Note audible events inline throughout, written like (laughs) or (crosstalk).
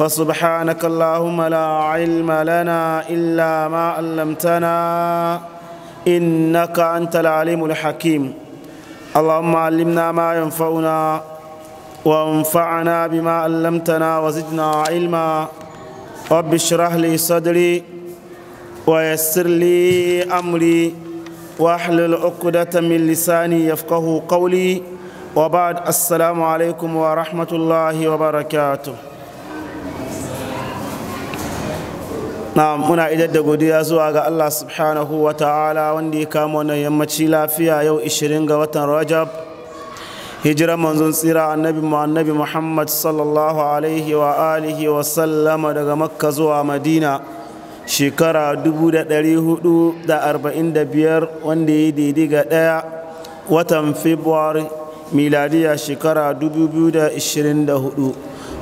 فسبحانك اللهم لا علم لنا إلا ما علمتنا إنك أنت العليم الحكيم اللهم علمنا ما ينفعنا وانفعنا بما علمتنا وزدنا علما رب اشرح لي صدري ويسر لي أمري واحلل عقدة من لساني يفقه قولي وبعد السلام عليكم ورحمة الله وبركاته na muna idar da godiya zuwa ga Allah subhanahu wa ta'ala wanda ya kama wannan yammaci lafiya yau 20 ga watan Rajab hijiran manzon tsira annabi mu annabi Muhammad sallallahu alaihi wa alihi wa sallama daga Makka zuwa Madina shekara 1445 wanda ya daidai ga daya watan February miladiya shekara 2024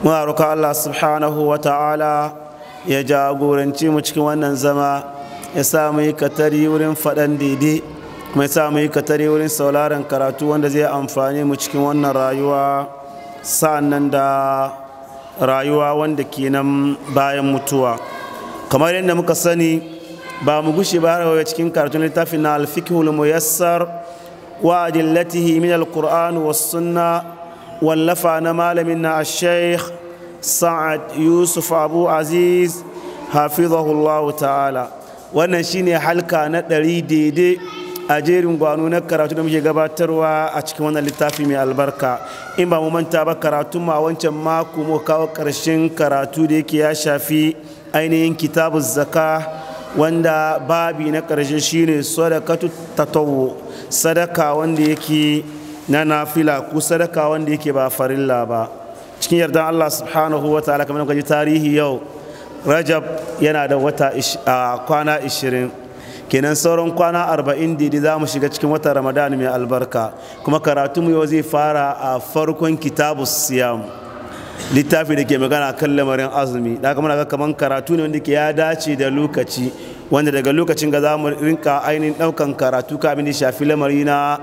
muna roƙa Allah subhanahu wa ta'ala ya jagoranci mu cikin wannan zama ya sa mu yi katari wurin faɗan daidai kuma ya sa mu yi katari wurin sauraron karatu wanda zai amfani mu cikin wannan rayuwa sa'annan da rayuwa wanda ke nan bayan mutuwa kamar yadda muka sani ba mu gushe ba har cikin karatun littafin na alfikihul muyassar wa adillatihi min alqur'an was sunna wallafa na malamin na ash sa'ad yusuf abu aziz hafizahullahu ta'ala wannan shine halka na ɗari daidai a jerin gwano na karatu da muke gabatarwa a cikin wannan littafi mai albarka in ba mu manta ba karatu ma wancan mako mu kawo ƙarshen karatu da yake ya shafi ainihin kitabu zaka wanda babi na ƙarshe shine ta tatawo sadaka wanda yake na nafila ko sadaka wanda yake ba farilla ba cikin yarda Allah subhanahu wa ta'ala kamar kaji tarihi yau Rajab yana da wata kwana 20 kenan sauran kwana 40 didi za mu shiga cikin wata Ramadan mai albarka kuma karatu mu yau zai fara a farkon kitabus siyam littafi da ke magana kan lamarin azumi da kamar ga kaman karatu ne wanda ke ya dace da lokaci wanda daga lokacin ga za mu rinka ainihin daukan karatu ka abin shafi lamari na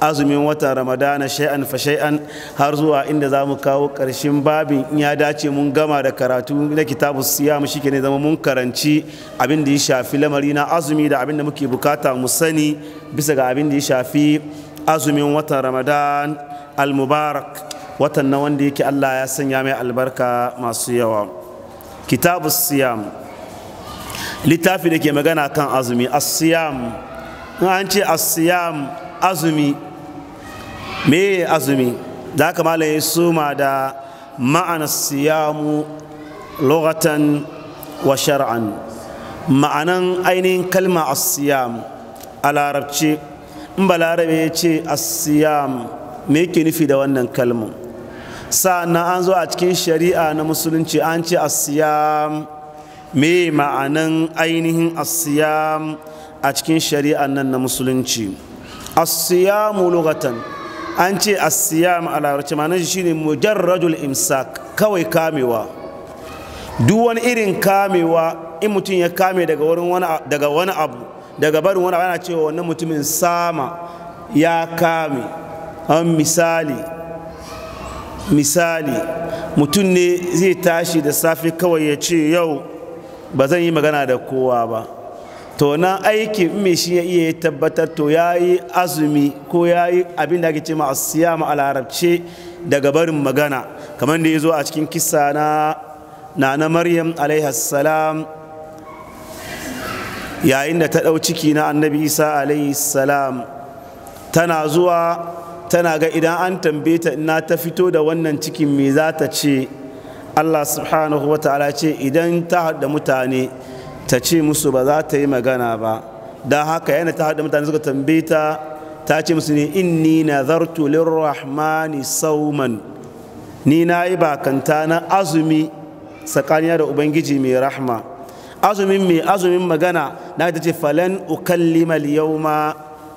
azumin wata ramadana shay'an fa shay'an har zuwa inda za mu kawo ƙarshen babin ya dace mun gama da karatu na kitabu siyamu shi ne zama mun karanci abin da ya shafi lamari na azumi da abin da muke bukata mu sani bisa ga abin da ya shafi azumin watan ramadan al-mubarak watan na wanda yake allah ya sanya mai albarka masu yawa kitabu siyam littafi da ke magana kan azumi as-siyam an ce as-siyam azumi me azumi da aka malam ya suma da ma'ana siyamu wa shar'an ma'anan ainihin kalma asiyam a larabci in ba larabe ya ce asiyam me ke nufi da wannan kalma sa'annan an zo a cikin shari'a na musulunci an ce asiyam me ma'anan ainihin asiyam a cikin shari'a nan na musulunci asiyamu lugatan an ce asiyam a larabci ma shine mujarradul imsak kawai kamewa duk wani irin kamewa in mutum ya kame daga wani abu daga barin wani abu ana cewa wannan mutumin sama ya kame an misali misali mutum ne zai tashi da safe kawai ya ce yau ba zan yi magana da kowa ba to nan aiki mai shi ya iya tabbatar to ya yi azumi ko ya yi abin da ake ce ma a larabce daga barin magana kamar da ya zo a cikin kisa na na maryam alaihassalam yayin da ta ɗau ciki na annabi isa alaihissalam tana zuwa tana ga idan an tambaye ta ina ta fito da wannan cikin me za ta ce allah subhanahu wa ta'ala ce idan ta haɗa mutane ta ce musu ba za ta yi magana ba Da haka yana ta haɗa mutane suka tambaye ta ta ce musu ne inni zartu lirrahmani sauman ni na yi bakanta na azumi tsakaniya da ubangiji mai rahma azumin mai azumin magana na ta ce yau ma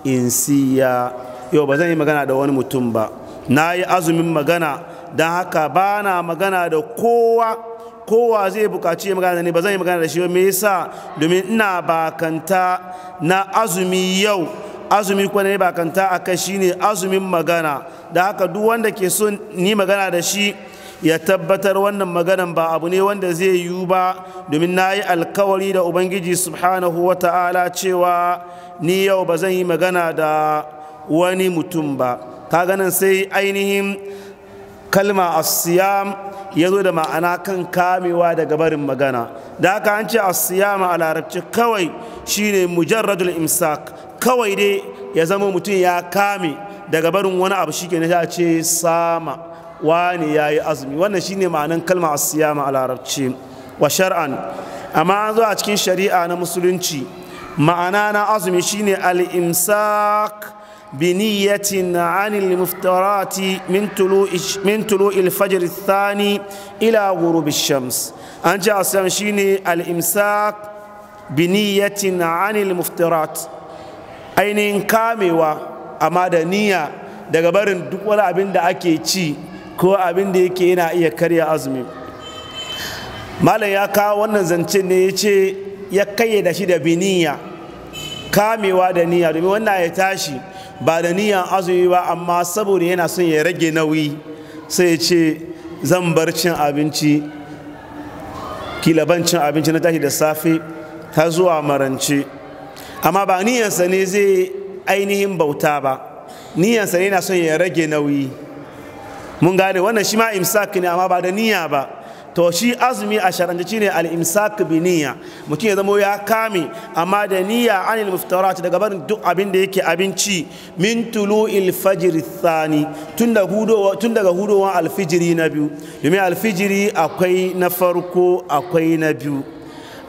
in siya. yau ba zan yi magana da wani mutum ba na yi azumin magana don haka ba na magana da kowa kowa zai bukaci ya magana ne ba zan yi magana da shi ba me yasa domin ina bakanta na azumi yau azumi kuma ne bakanta a kai shine azumin magana da haka duk wanda ke so ni magana da shi ya tabbatar wannan maganan ba abu ne wanda zai yiwu ba domin na yi alkawari da ubangiji subhanahu wa ta'ala cewa ni yau ba zan yi magana da wani mutum ba ka ganin sai ainihin kalma asiyam ya zo da ma'ana kan kamewa daga barin magana da aka an ce asiyam a larabci kawai shine mujarradul imsak kawai dai ya zama mutum ya kame daga barin wani abu shi na a ce sama wani ya yi azumi wannan shine ma'anan kalma asiyam a larabci wa shar'an amma an zo a cikin shari'a na musulunci ma'ana na azumi shine al-imsak بنية عن المفترات من طلوع من طلوع الفجر الثاني إلى غروب الشمس أن جاء شيني الإمساك بنية عن المفترات أين كاموا أما نية daga barin duk wani abin ake ci ko abinda yake yana iya karya azumi malam ya kawo wannan zancen ne ya ce ya da shi da biniya kamewa da niyya domin wannan ya tashi ba da niyan azumi ba amma saboda yana son ya rage nauyi sai ya ce zan bar cin abinci kila cin abinci na tashi da safe ta zuwa marance amma ba niyansa ne zai ainihin bauta ba niyansa ne yana son ya rage nauyi mun gane wannan shi ma imsak ne amma ba da niyya ba to shi azumi a sharanci shine al-imsak bi mutum ya zamo ya kame amma da niyya anil muftarat daga barin duk abin da yake abinci min tulu'il fajr thani tun daga hudowa alfijiri na biyu domin alfijiri akwai na farko akwai na biyu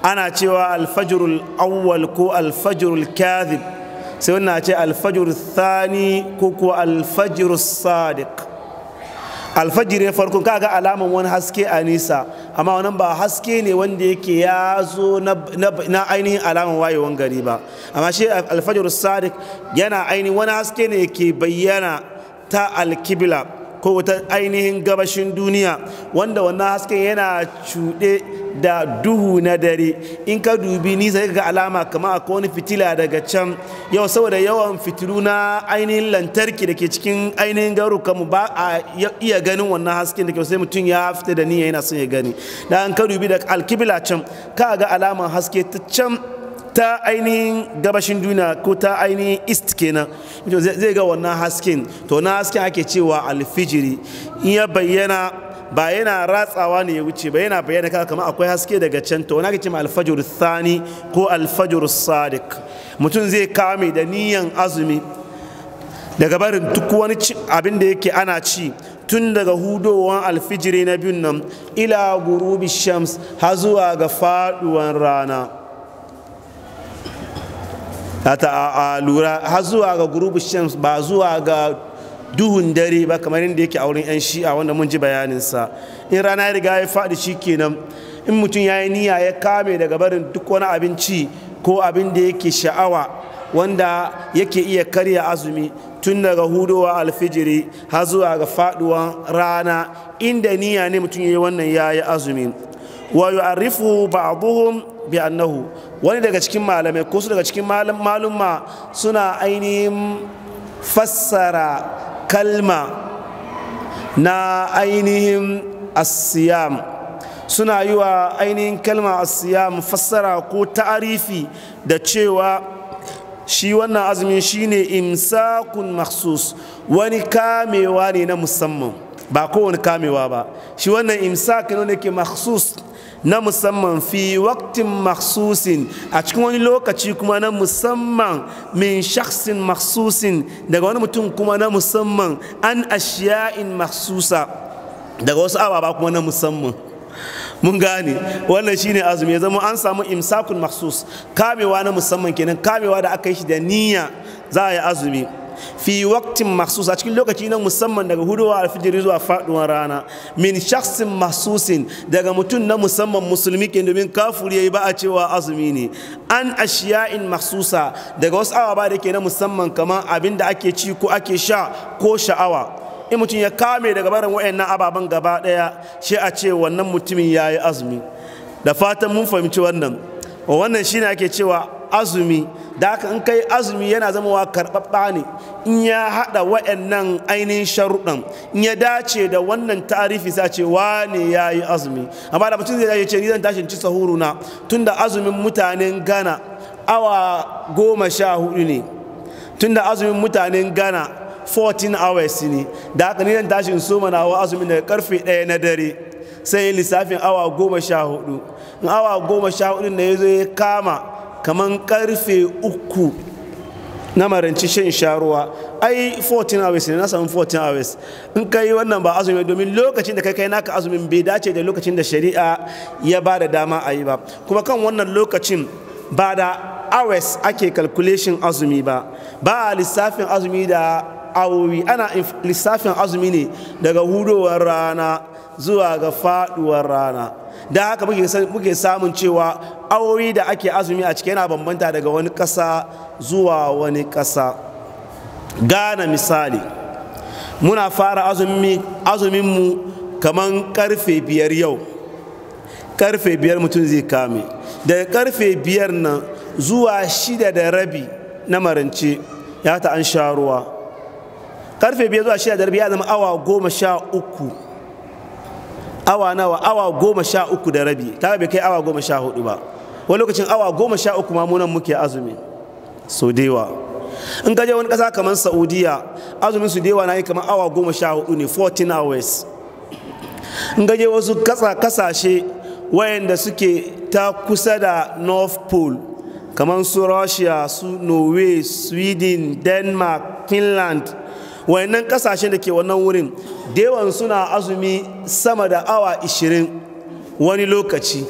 ana cewa alfajrul awwal ko alfajrul kadhib sai wannan ce alfajrul thani ko ko alfajrul sadiq alfajiri farkon kaga alaman wani haske a nisa amma wannan ba haske ne wanda yake ya zo na ainihin alaman wayewan gari ba amma shi alfajir sadiq yana ainihin wani haske ne ke bayyana ta alkibla ko wata ainihin gabashin duniya wanda wannan hasken yana cuɗe da duhu na dare in ka dubi nisa ga alama kamar akwai wani fitila daga can yau saboda yawan fitilu na ainihin lantarki da ke cikin ainihin garuka mu ba a iya ganin wannan hasken da ke sai mutum ya fita da niyya yana son ya gani da an ka dubi da alkibila can ka ga alaman haske ta can ta ainihin gabashin duniya ko ta ainihin east kenan zai ga wannan hasken to na hasken ake cewa alfijiri in ya bayyana ba yana ratsawa ne ya wuce ba yana bayyana kaka kamar akwai haske daga can to wani ake cewa alfajir thani ko alfajir sadiq mutum zai kame da niyan azumi daga barin duk wani abin da yake ana ci tun daga hudowar alfijiri na biyun nan ila gurubi shams har zuwa ga faduwan rana a lura har zuwa ga gurubu shams ba zuwa ga duhun dare ba kamar inda yake a wurin 'yan shi'a wanda mun ji bayaninsa in rana ya riga ya faɗi shi kenan in mutum ya yi niyya ya kame daga barin duk wani abinci ko abin da yake sha'awa wanda yake iya karya azumi tun daga hudowa alfijiri har zuwa ga faduwan rana inda niyya ne mutum ya yi wannan ya yi azumi wa yu'arrifu ba'dhum bi annahu wani daga cikin malamai ko su daga cikin malumma suna ainihin fassara kalma na ainihin asiyam suna yi wa ainihin kalma asiyam fassara ko ta'arifi da cewa shi wannan azumin shine imsakun maksus wani kamewa ne na musamman ba kowane kamewa ba shi wannan imsakun wanda ke maksus na musamman fi waktin maksusin a cikin wani lokaci kuma na musamman min shaksin maksusin daga wani mutum kuma na musamman an ashiya'in maksusa daga wasu ababa kuma na musamman mun gane wannan shine azumi ya zama an samu imsakun maksus kamewa na musamman kenan kamewa da aka yi shi da niyya za a yi azumi fi waktin mahsus a cikin lokaci na musamman daga hudowa alfijiri zuwa faduwar rana min shaksin mahsusin daga mutum na musamman musulmi ke domin kafur yayi ba a cewa azumi ne an ashiya'in mahsusa daga wasu awa ba da ke na musamman kamar abin da ake ci ko ake sha ko sha'awa in mutum ya kame daga barin wayannan ababen gaba daya shi a ce wannan mutumin yayi azumi da fatan mun fahimci wannan wannan shine ake cewa azumi da haka in kai azumi yana zamawa karɓaɓɓa ne in ya haɗa wa'annan ainihin sharuɗan in ya dace da wannan tarifi sa ce ne ya yi azumi amma da mutum zai ce ni zan tashin ci sahuru na da azumin mutanen ghana awa goma sha hudu ne tun da azumin mutanen ghana 14 hours ne da haka ni zan tashin soma na wa azumin daga karfe ɗaya na dare sai lissafin awa goma sha hudu in awa goma sha hudu na ya ya kama kamar karfe uku na maranci shan sharuwa ai 14 hours ne na samu 14 hours in ka yi wannan ba azumi domin lokacin da kai kai naka azumin bai dace da lokacin da shari'a ya ba da dama a yi ba kuma kan wannan lokacin ba da hours ake calculation azumi ba ba a lissafin azumi da awowi ana lissafin azumi ne daga hudowar rana zuwa ga faduwar rana don haka muke samun cewa aure da ake azumi a cike yana bambanta daga wani kasa zuwa wani kasa. gana misali muna fara azuminmu kamar karfe biyar yau karfe biyar mutum zai kame daga karfe biyar nan zuwa shida da rabi na marance ya ta an sha ruwa karfe biyar zuwa shida da rabi ya zama awa goma sha uku awa nawa awa goma sha uku da rabi ta bai kai awa goma sha hudu ba wani lokacin awa goma sha uku mamunan muke azumi so dewa in ka wani kasa kamar saudiya azumin su dewa na yi kamar awa goma sha hudu ne 14 hours in ka wasu kasa kasashe wayanda suke ta kusa da north pole kamar su russia su norway sweden denmark finland wayannan kasashen da ke wannan wurin dewan suna azumi sama da awa 20 wani lokaci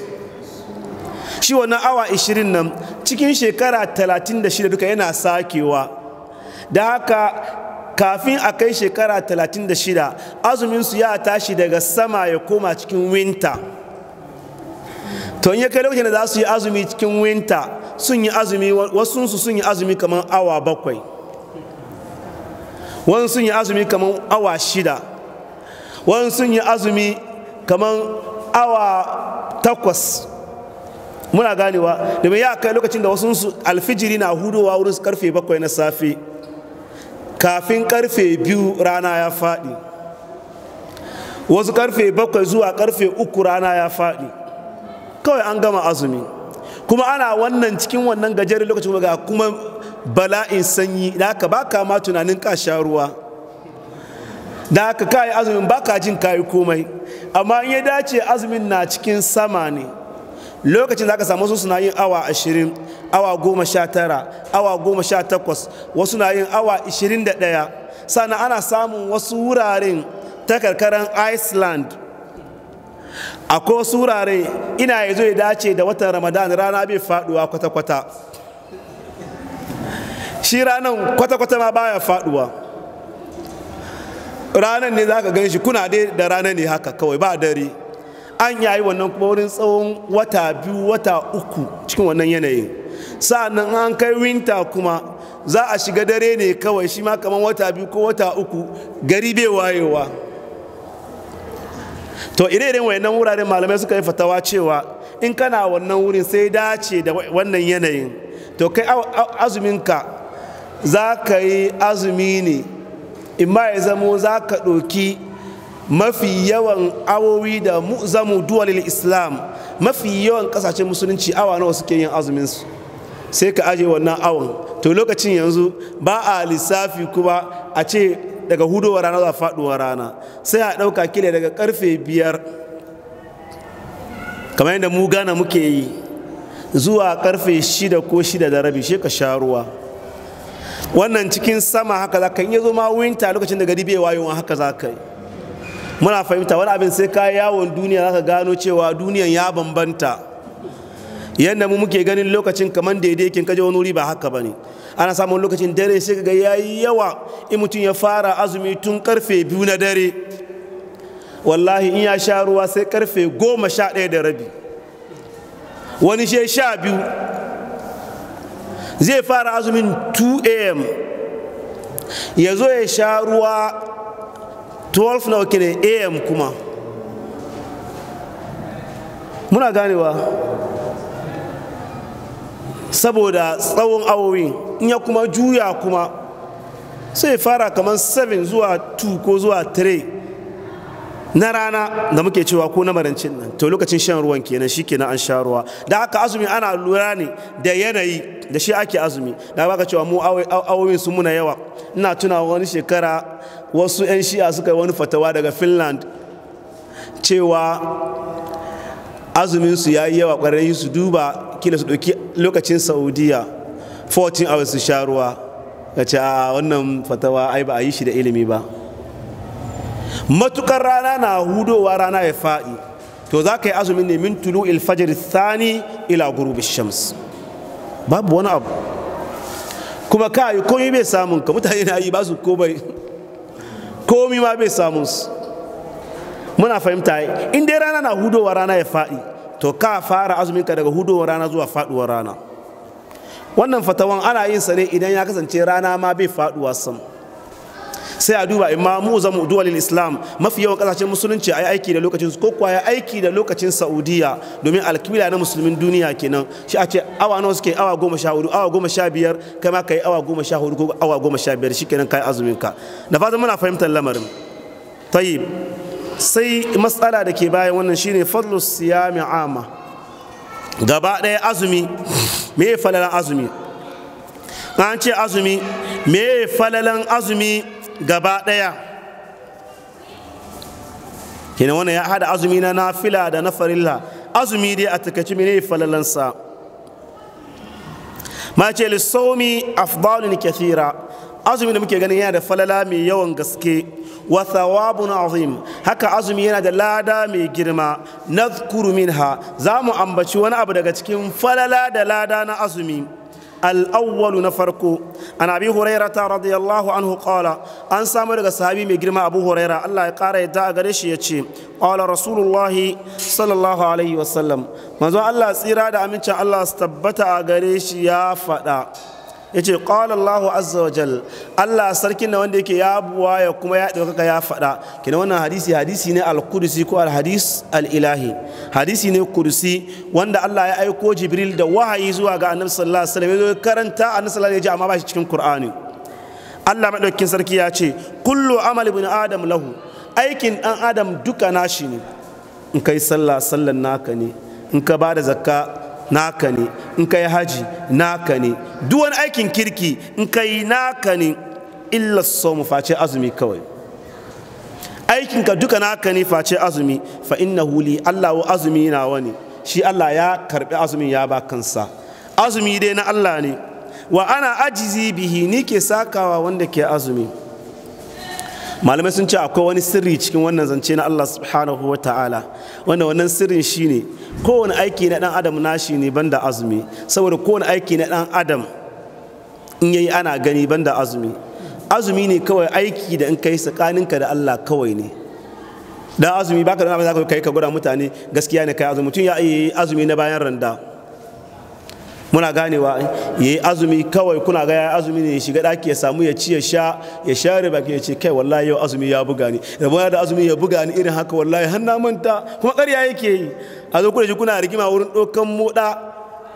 shi wannan awa 20 nan cikin shekara 36 duka yana sakewa da haka kafin a kai shekara 36 azuminsu ya tashi daga sama ya koma cikin winter Tun in ya kai lokacin da za su yi azumi cikin winter sun yi azumi wasunsu sun yi azumi kamar awa bakwai wani sun yi azumi kamar awa shida wani sun yi azumi kamar awa takwas muna ganewa domin ya kai lokacin da wasu alfijiri na hudowa wurin karfe bakwai na safe kafin karfe biyu rana ya faɗi wasu karfe bakwai zuwa karfe uku rana ya faɗi kawai an gama azumi kuma ana wannan cikin wannan gajeren lokacin ga kuma bala'in sanyi da haka ba ka ma tunanin ka sha ruwa da haka kayi azumin ba ka jin kayi komai amma in ya dace azumin na cikin sama ne lokacin za ka samu su suna yin awa ashirin awa goma sha tara awa goma wasu na yin awa 21 da ɗaya sannan ana samun wasu wuraren ta karkaran iceland a ko surare ina ya zo ya dace da watan ramadan rana bai faduwa kwata-kwata shi ranar kwata-kwata ma baya faduwa Ranar ne za ka gan shi kuna dai da ranar ne haka kawai ba dare an yayi wannan kuma wurin tsawon wata biyu wata uku cikin wannan yanayin sa'annan an kai winter kuma za a shiga dare ne kawai shi ma kamar wata biyu ko wata uku gari bai wayewa to ire-iren wayannan wuraren malamai suka yi fatawa cewa in kana wannan wurin sai dace da wannan yanayin to kai azuminka za ka yi azumi ne imma ya zamo za ka ɗoki mafi yawan awowi da zamu duwalil islam mafi yawan ƙasashen musulunci awa nawa suke yin azuminsu sai ka aje wannan awon to lokacin yanzu ba a lissafi kuma a ce daga hudowar rana zuwa faduwar rana sai a ɗauka kile daga karfe biyar kamar yadda mu gana muke yi zuwa karfe shida ko shida da rabi shi ka sha ruwa wannan cikin sama haka za ka yi zo ma winta lokacin da gari bai wayo haka za ka yi muna fahimta wani abin sai ka yawon duniya za ka gano cewa duniyan ya bambanta yadda mu muke ganin lokacin kamar daidai kin kaje wani wuri ba haka bane ana samun lokacin dare sai ga yayi yawa in mutum ya fara azumi tun karfe biyu na dare wallahi in ya sha ruwa sai karfe goma sha ɗaya da rabi wani shi sha biyu zai fara azumin 2 am ya zo ya sha ruwa 12 na wakilin am kuma muna ganewa saboda tsawon awowi in ya kuma juya kuma sai fara kamar 7 zuwa 2 ko zuwa 3 na rana da muke cewa ko na marancin nan to lokacin shan ruwan kenan shi kenan an sha ruwa da haka azumi ana lura ne da yanayi da shi ake azumi da baka cewa mu awowin su muna yawa ina tuna wani shekara wasu 'yan shi'a suka yi wani fatawa daga finland cewa azumin su yayi yawa kwarai su duba kila su ɗauki lokacin saudiya 14 hours su sha ruwa ka ce a wannan fatawa ai ba a yi shi da ilimi ba matukar rana na hudowa rana ya faɗi to za ka yi azumin ne min tulu ilfajir thani ila gurubi shams babu wani abu kuma ka yi komi bai samun ka mutane na yi ba su komai komi ma bai samun su muna fahimta in dai rana na hudowa rana ya faɗi to ka fara azuminka daga hudowa rana zuwa faɗuwar rana wannan fatawan ana yin sa ne idan ya kasance rana ma bai faɗuwa sam sai a duba imma mu zamu duwalil islam mafi yawan kasashen musulunci a aiki da lokacin ko kuwa ya aiki da lokacin saudiya domin alkibila na musulmin duniya kenan shi a ce awa nawa suke awa goma sha hudu awa goma sha biyar kai ma ka yi awa goma sha hudu ko awa goma sha biyar shi kenan ka yi azumin ka da fatan muna fahimtar lamarin tayyib sai matsala da ke bayan wannan shine fadlu siyami ama gaba ɗaya azumi me falalan azumi an ce azumi me falalan azumi gaba ɗaya kenan wannan ya hada azumi na nafila da na farilla azumi dai a takaici mene falalansa ma ce lissomi afdalin kathira azumi da muke ganin yana da falala mai yawan gaske wa thawabun azim haka azumi yana da lada mai girma kurumin ha. za mu ambaci wani abu daga cikin falala da lada na azumi al na farko an abi huraira ta radiyallahu anhu qala an samu daga sahabi mai girma abu huraira Allah ya kara yadda a gare shi ce qala rasulullahi sallallahu alaihi wasallam manzo Allah tsira da amincin Allah tabbata a gare shi ya faɗa. yace qala Allahu azza Allah sarkin na wanda yake ya buwa ya kuma ya dauka ya fada kina wannan hadisi hadisi ne al-kursi ko al-hadis al-ilahi hadisi ne kursi wanda Allah ya aiko Jibril da wahayi zuwa ga Annabi sallallahu alaihi wasallam ya karanta Annabi sallallahu alaihi wasallam amma ba shi cikin Qur'ani Allah madaukakin sarki ya ce kullu amali bin adam lahu aikin dan adam duka nashi ne in kai sallah sallan naka ne in ka bada zakka naka ne in kai haji naka ne duk wani aikin kirki in kai naka ne illa mu face azumi kawai aikinka duka naka ne face azumi fa innahu li Allah wa azumi na wani shi Allah ya karbi azumin ya ba kansa azumi dai na Allah ne wa ana ajizi bihi ni ke sakawa wanda ke azumi malamai sun ce akwai wani sirri cikin wannan zance na Allah subhanahu wa ta'ala wanda wannan sirrin shine kowane aiki na dan adam nashi ne banda azumi saboda kowane aiki na dan adam in yayi ana gani banda azumi azumi ne kawai aiki da in kai tsakaninka da Allah kawai ne dan azumi baka da za ka kai ka gura mutane gaskiya ne kai azumi mutum ya yi azumi na bayan randa muna ganewa ya yi azumi kawai kuna ga ya azumi ne ya shiga daki ya samu ya ci ya sha ya share baki ya ce kai wallahi yau azumi ya buga ni da da azumi ya buga ni irin haka wallahi har na manta kuma ƙarya yake yi a zo kuna shi kuna rigima wurin ɗaukan moda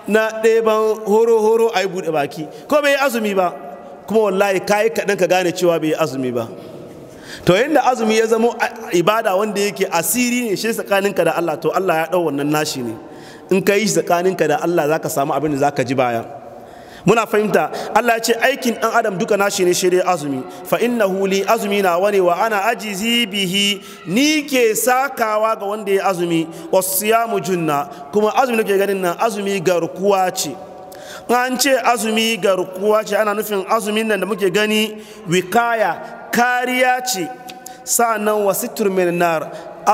na ɗeban horo-horo a yi buɗe baki ko bai yi azumi ba kuma wallahi ka yi kaɗan ka gane cewa bai yi azumi ba to yadda azumi ya zama ibada wanda yake asiri ne shi tsakaninka da Allah to Allah ya ɗau wannan nashi ne in ka yi tsakaninka da Allah za ka samu abin da za ka ji baya muna fahimta Allah ya ce aikin ɗan adam duka nashi ne shirye azumi fa inna huli azumi na wani wa ana aji bihi ni ke sakawa ga wanda ya azumi mu junna kuma azumi nake ganin nan azumi garkuwa ce an ce azumi garkuwa ce ana nufin azumin nan da muke gani wikaya kariya ce sa'annan wa situr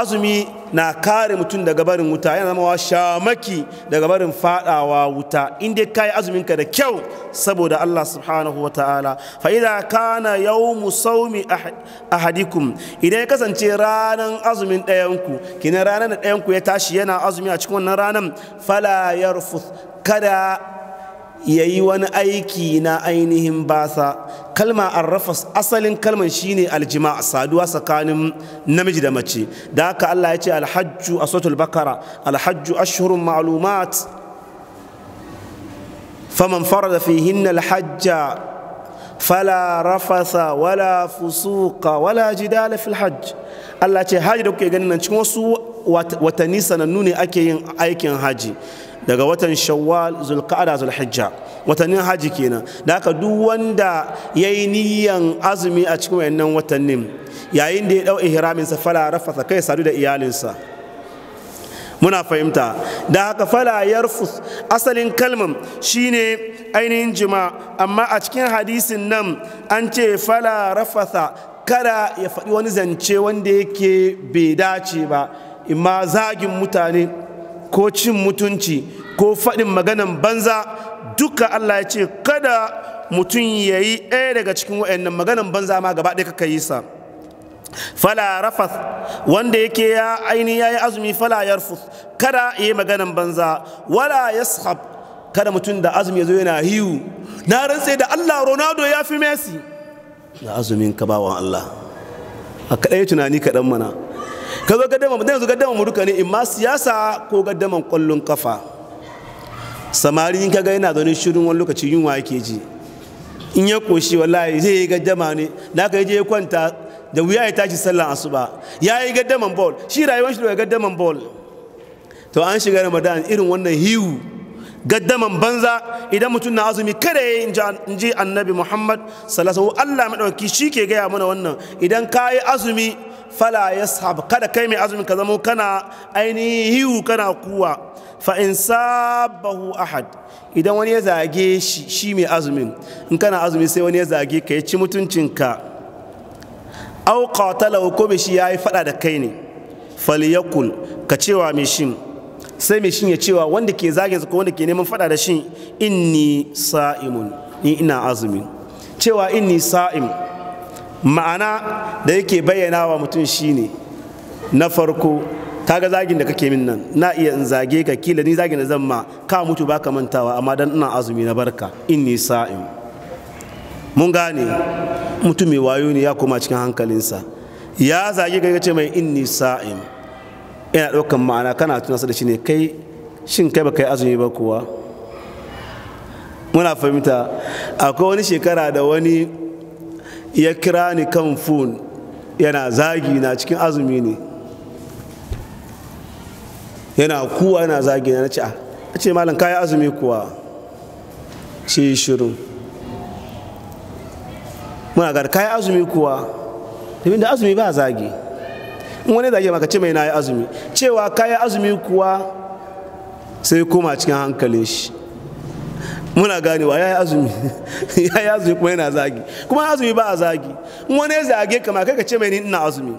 azumi na kare mutum daga barin wuta yana zama shamaki daga barin fadawa wuta inda dai kai azuminka da kyau saboda Allah subhanahu wa ta'ala fa idza kana yawmu sawmi ah-, ahadikum idan ya kasance ranan azumin ɗayanku kina ranan da ɗayanku ya tashi yana azumi a cikin wannan ranan fala yarfuth kada ya yi wani aiki na ainihin basa kalma arrafas asalin kalman shine aljima saduwa tsakanin namiji da mace da haka Allah ya ce alhajju a sotul bakara alhajju ashhurun ma'lumat faman farada fihinna alhajja fala rafasa wala fusuka wala jidala fil hajj Allah ce haji da kuke ganin nan cikin wasu watanni sanannu ne ake yin aikin haji daga watan shawwal zulqa'ada zulhijja watannin haji kenan da haka duk wanda ya yi niyyan azumi a cikin wayannan watannin yayin da ya dau ihramin sa fala rafasa kai sadu da iyalinsa muna fahimta da haka fala yarfus asalin kalman shine ainihin jima amma a cikin hadisin nan an ce fala rafasa kada ya faɗi wani zance wanda yake bai dace ba imma zagin mutane ko cin mutunci ko faɗin maganan banza duka Allah ya ce kada mutum ya yi ɗaya daga cikin wa'annan maganan banza ma gaba ɗaya kaka yi sa fala wanda yake ya aini ya yi azumi fala kada ya yi maganan banza wala sahab kada mutum da azumi ya zo yana hiyu na rantse da Allah Ronaldo ya fi Messi da azumin ka Allah a kaɗai tunani kaɗan mana ka zo gaddama mu yanzu gaddama mu duka ne in ma siyasa ko gaddaman kwallon kafa samari in kaga yana zaune shirin wani lokaci yunwa yake ji in ya koshi wallahi zai yi gaddama ne na ka je ya kwanta da wuya ya tashi sallan asuba ya yi gaddaman ball shi rayuwar shi da gaddaman ball to an shiga ramadan irin wannan hiwu gaddaman banza idan mutum na azumi kada ya yi in ji annabi muhammad sallallahu allah madauki shi ke gaya mana wannan idan ka yi azumi fala yashab kada kai mai azumin ka zama kana ainihin hiwu kana kuwa fa in sabahu ahad idan wani ya zage shi shi mai azumin in kana azumi sai wani ya zage ka ya ci mutuncinka au qatalahu ko mai shi yayi fada da kai ne falyakul ka cewa mai shin sai mai shin ya cewa wanda ke zage ko wanda ke neman fada da shin inni sa'imun ni ina azumi cewa inni sa'im ma'ana da yake bayyana wa mutum shine na farko kaga zagin da kake min nan na iya in zage ka kila ni zagin da zan ma ka mutu baka mantawa amma dan ina azumi na barka inni sa'im mun gane mutum mai wayo ne ya koma cikin hankalinsa ya zage ka ce mai inni sa'im ina ɗaukan ma'ana kana tunasa da shi ne kai shin kai baka yi azumi ba kuwa muna fahimta akwai wani shekara da wani ya kira ni kan fun yana zagi na cikin azumi ne yana kuwa yana zagi na ce ah, a ce malam kayan azumi kuwa ce shirin muna gar kayan azumi kuwa domin da azumi ba zagi in wani zagi maka ce mai na yi azumi cewa kayan azumi kuwa sai koma cikin hankalin shi muna ganewa ya yi azumi (laughs) ya yi azumi kuma yana zagi kuma azumi ba a zagi wani zage kama kai ka ce mai ni ina azumi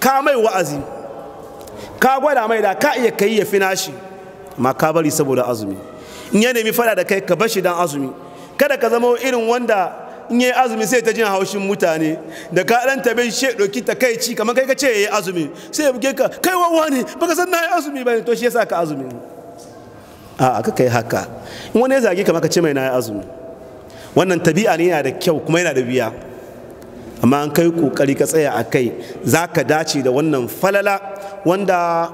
ka mai wa'azi ka gwada mai da ka iya kai ya fina shi ma ka bari saboda azumi in ya nemi fada da kai ka bashi dan azumi kada ka zama irin wanda in yi azumi sai ta jin haushin mutane da ka dan tabe she doki ta kai ci kamar kai ka ce yayi azumi sai ya buge ka kai wani baka san na yi azumi ba ne to shi yasa ka azumi a aka kai haka in wani ya zage kamar ka ce mai na ya azumi wannan tabi'a ne yana da kyau kuma yana da biya amma an kai kokari ka tsaya a kai za ka dace da wannan falala wanda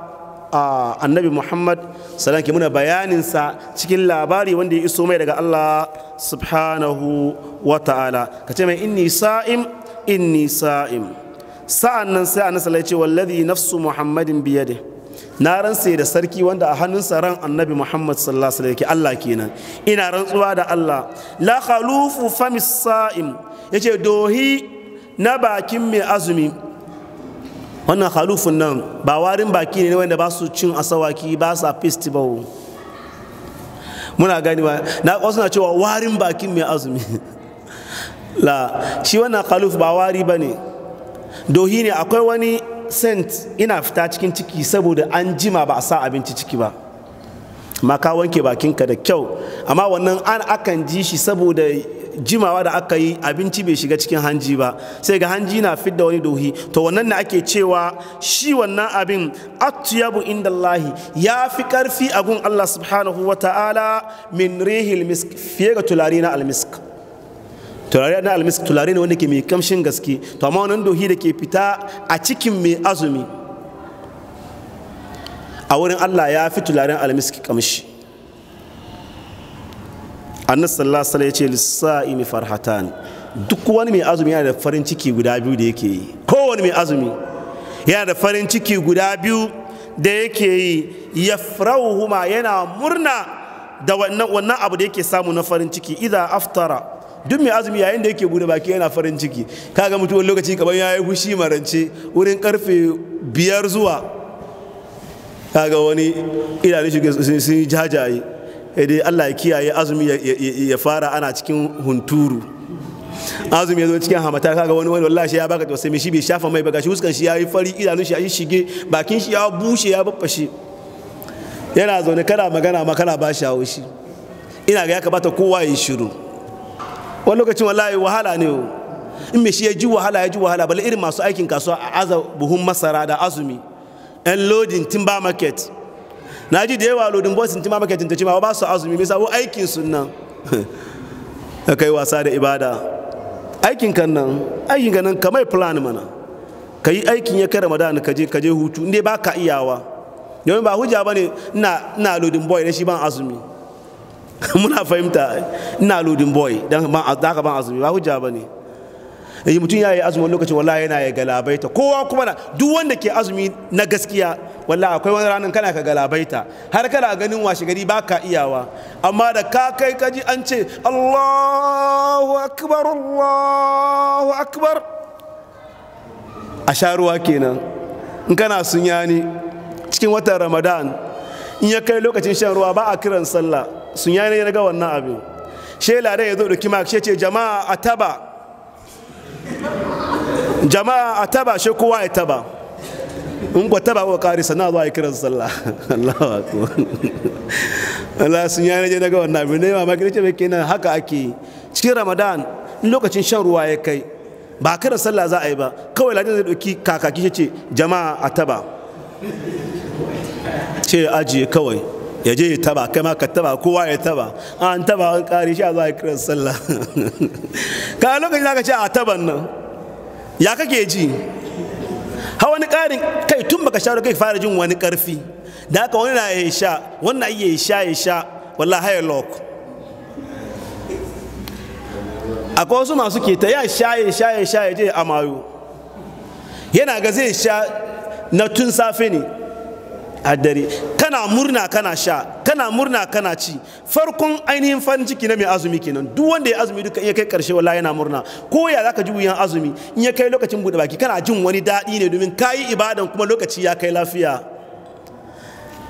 annabi muhammad salam ke muna bayaninsa cikin labari wanda ya iso mai daga allah subhanahu wa ta'ala ka ce mai inni sa'im inni sa'im sa'an nan sai a nasala ya ce wallazi nafsu muhammadin biyade na rantse da sarki wanda a hannun ran annabi muhammad sallallahu alaihi wasallam allah kenan ina rantsuwa da allah la khalufu famis sa'im yace dohi na bakin mai azumi wannan khalufun nan ba warin baki ne wanda ba su cin asawaki ba sa festival muna gani ba na kwasu na cewa warin bakin mai azumi (laughs) la shi wannan khaluf ba wari ba ne dohi ne akwai wani sent ina fita cikin ciki saboda an jima ba a sa abinci ciki ba maka ka wanke bakinka da kyau amma wannan an akan ji shi saboda jimawa da aka yi abinci bai shiga cikin hanji ba sai ga hanji na fidda wani dohi to wannan ne ake cewa shi wannan abin atyabu inda Allahi ya fi karfi a Allah subhanahu wa ta'ala min rihil misk fiye ga tulari na almisk turare na almisk turare ne wanda ke mai kamshin gaske to amma wannan dohi da ke fita a cikin mai azumi a wurin Allah ya fi tularen almisk kamshi annas sallallahu alaihi ya ce lissa'imi farhatan duk wani mai azumi yana da farin ciki guda biyu da yake yi kowane mai azumi yana da farin ciki guda biyu da yake yi ya yana murna da wannan abu da yake samu na farin ciki idan aftara duk mai azumi yayin da yake bude baki yana farin ciki kaga mutuwar lokaci kaban ya yi hushi marance wurin karfe biyar zuwa kaga wani idanun shi sun jajaye dai Allah ya kiyaye azumi ya fara ana cikin hunturu azumi ya zo cikin hamata kaga wani wani wallahi ya baka tausayi shi bai shafa mai baka shi huskan shi yayi fari idanun shi yi shige bakin shi ya bushe ya babbashe yana zaune kana magana ma kana ba shi shi ina ga ya kamata kowa ya shiru wani lokacin wallahi wahala ne in me shi ya ji wahala ya ji wahala bala irin masu aikin kasuwa a aza buhun masara da azumi yan lodin timba market na ji da yawa lodin bosin timba market ta ce ma ba su azumi me sabo aikin sunan ka (laughs) kai wasa da ibada aikin kan nan aikin kan nan kamar plan mana ka yi aikin ya kai ramadan ka je ka je hutu in ba ka iyawa domin ba hujja bane ina ina lodin boy da shi ban azumi (laughs) muna fahimta ina lodin boy dan ban ban azumi ba hujja bane yayi eh, mutum yayi azumi lokacin wallahi yana ya galabaita kowa kuma na duk wanda ke azumi na gaskiya wallahi akwai wani ranar kana ka galabaita har kana ganin washe gari baka iyawa amma da ka kai kaji an ce Allahu akbar Allahu akbar a sharuwa kenan in kana sunya ne cikin watan Ramadan in ya kai lokacin shan ruwa ba a kiran sallah sun yana yana ga wannan abin she lare ya zo doki kima shi ce jama'a a taba jama'a a taba shi kowa ya taba in kwa taba ko kari sana zuwa ya kiran sallah (laughs) Allahu akbar (laughs) Allah sun yana yana ga wannan abin ne mamaki ce mai kenan haka ake cikin Ramadan lokacin shan ruwa ya kai ba kira sallah za a yi ba kawai lajin zai doki kakaki ce jama'a a taba ce ajiye kawai ya je ya taba kai ma ka taba kowa ya taba an taba an kare shi a zuwa kiran sallah (laughs) ka lokacin zaka ce a taban nan ya kake ji ha wani karin kai tun baka sha kai fara jin wani karfi da haka wani na ya sha wani na iya sha ya sha wallahi haya lok akwai wasu masu ke ta ya sha ya sha ya sha ya je amayo, yana ga zai sha na tun safe ne a dare kana murna kana sha kana murna kana ci farkon ainihin farin ciki na mai azumi kenan duk wanda ya azumi duka iya kai karshe wallahi yana murna ko ya zaka ji wuyan azumi in ya kai lokacin bude baki kana jin wani daɗi ne domin kayi ibadan kuma lokaci ya kai lafiya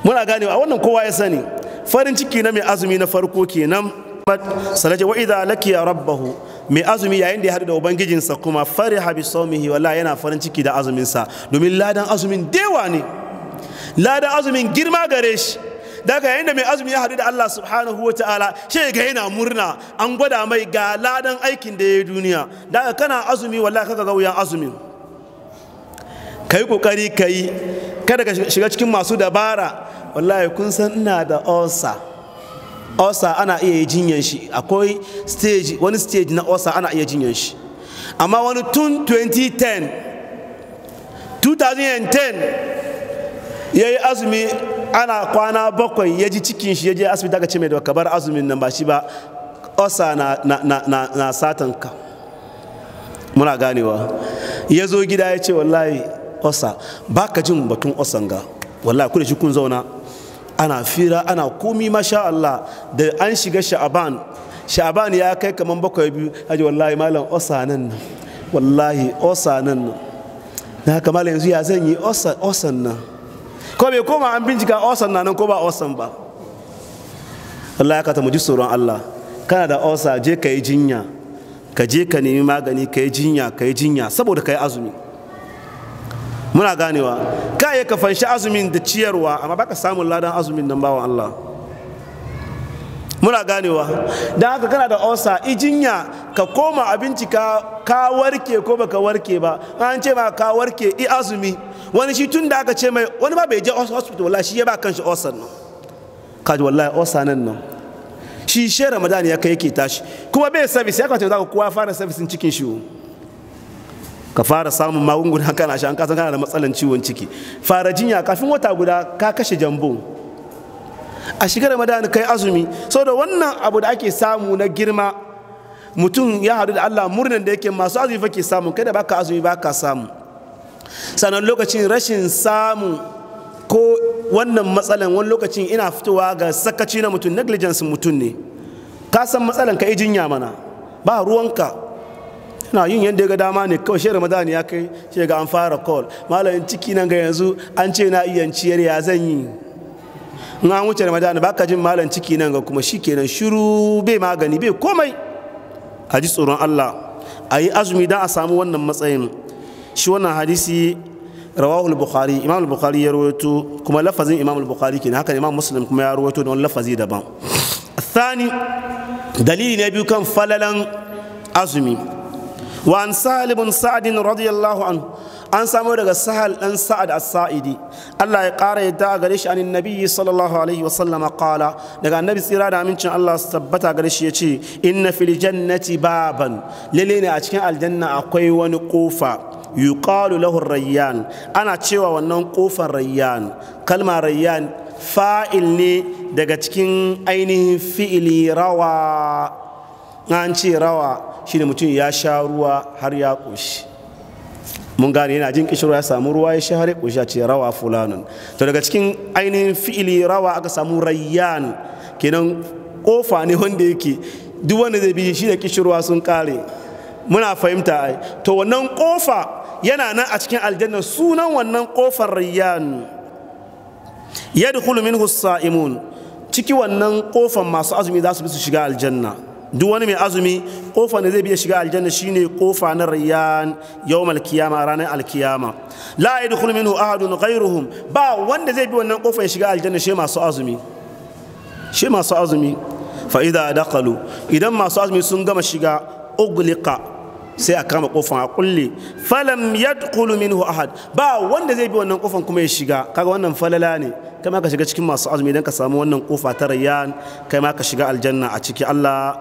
muna gane a wannan kowa ya sani farin ciki na mai azumi na farko kenan sanace wa idza ya rabbahu mai azumi yayin da ya haɗu da ubangijinsa kuma fariha bi sawmihi wallahi yana farin ciki da azuminsa domin ladan azumin dewa ne lada azumin girma gare shi daga yayin da mai azumi ya haɗu da Allah subhanahu wa ta'ala shi ga yana murna an gwada mai ga ladan aikin da ya yi duniya daga kana azumi wallahi kaga ga wuyan azumin kai kokari kai kada ka shiga cikin masu dabara wallahi kun san ina da osa osa ana iya yi jinyan shi akwai stage wani stage na osa ana iya jinyan shi amma wani tun 2010 2010 ya yi azumi ana kwana bakwai ya ji cikin shi ya je asibiti aka ce mai da bar azumin nan ba shi ba osa na, satan ka muna ganewa ya zo gida ya ce wallahi osa ba ka jin batun osan ga wallahi da shi kun zauna ana fira ana komi masha Allah da an shiga sha'aban sha'aban ya kai kaman bakwai biyu haji wallahi malam osa nan wallahi osa nan na kamar yanzu ya zan yi osan nan ko bai koma an bincika osan na nan ko ba osan ba Allah ya kata mu ji Allah kana da osa je ka yi jinya ka je ka nemi magani ka jinya ka jinya saboda ka yi azumi muna ganewa ka yi ka fanshi azumin da ciyarwa amma baka samun ladan azumin nan bawan Allah muna ganewa don haka kana da osa ijinya ka koma abinci ka warke ko baka warke ba an ce ma ka warke i azumi wani shi tun da aka ce mai wani ba bai je hospital wallahi shi ya ba kanshi osan nan kaji wallahi osa nan nan shi she ramadan ya kai yake tashi kuma bai service ya kwace za ka kowa fara service cikin shi ka fara samun magunguna kana sha an kasan kana da matsalan ciwon ciki fara jinya kafin wata guda ka kashe jambon a shigar ramadan kai azumi saboda wannan abu da ake samu na girma mutum ya hadu da Allah murnan da yake masu azumi fa ke samu kai da baka azumi baka samu sannan lokacin rashin samun ko wannan matsalan wani lokacin ina fitowa ga sakaci na mutum negligence mutum ne ka san matsalan ka jinya mana ba ruwanka na yin yadda ga dama ne kawai shi ramadan ya kai shi ga an fara call malamin ciki nan ga yanzu an ce na iya ciyar ya zan yi na an wuce ramadan ba ka jin malam ciki nan ga kuma shikenan shiru bai magani bai komai a ji tsoron allah a yi azumi don a samu wannan matsayin shi wannan hadisi rawahul bukhari imam bukhari ya rawaito kuma lafazin imam bukhari kenan haka imam muslim kuma ya rawaito wani lafazi daban thani dalili na biyu kan falalan azumi wa an sahal ibn sa'd radiyallahu anhu an samu daga sahal dan sa'ad as-sa'idi Allah ya kara yadda a gare shi anin nabiyyi sallallahu alaihi wa sallam qala daga annabi tsira da amincin Allah su tabbata gare shi yace inna fil jannati baban lalle ne a cikin aljanna akwai wani kofa yuqalu lahu rayyan ana cewa wannan kofar rayyan kalma rayyan fa'il ne daga cikin ainihin fi'ili rawa an ce rawa shine mutum ya sha ruwa har ya ƙoshi mun gane yana jin kishirwa ya samu ruwa ya shahare a ce rawa fulanun to daga cikin ainihin fi'ili rawa aka samu rayyan kenan kofa ne wanda yake duk wanda zai bi shi da kishirwa sun kare muna fahimta ai to wannan kofa yana nan a cikin aljanna sunan wannan kofar rayyan yadkhulu minhu sa'imun ciki wannan kofar masu azumi za su bi su shiga aljanna duk wani mai azumi kofar ne zai biya shiga aljanna shine kofa na rayyan yawmal kiyama ranar alkiyama la yadkhulu minhu ahadun ghayruhum ba wanda zai bi wannan kofar ya shiga aljanna shi masu azumi shi masu azumi idan masu azumi sun gama shiga ugliqa sai a kama kofan a kulle falam yadkhulu minhu ahad ba wanda zai bi wannan kofan kuma ya shiga kaga wannan falala ne kai ma ka shiga cikin masu azumi idan ka samu wannan kofa ta rayyan kai ma ka shiga aljanna a ciki Allah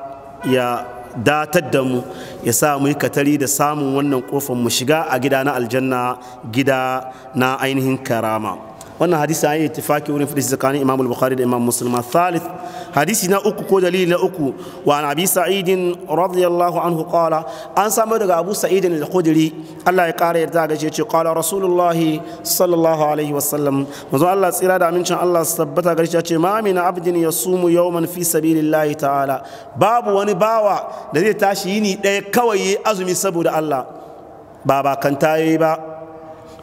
ya datar da mu ya sa mu yi katari da samun wannan kofan mu shiga a gida na aljanna gida na ainihin karama wannan hadisi an yi itifaki wurin fadisi tsakanin imam al-bukhari da imam muslim thalith hadisi na uku ko dalili na uku wa an abi sa'idin radiyallahu anhu qala an samu daga abu sa'idin al-khudri Allah ya kara yarda ga ce qala rasulullahi sallallahu alaihi wasallam manzo Allah tsira da amincin Allah su tabbata ya ce ma min abdin yasumu yawman fi sabilillahi ta'ala babu wani bawa da zai tashi yini ɗaya kawai azumi saboda Allah ba ba kan tayi ba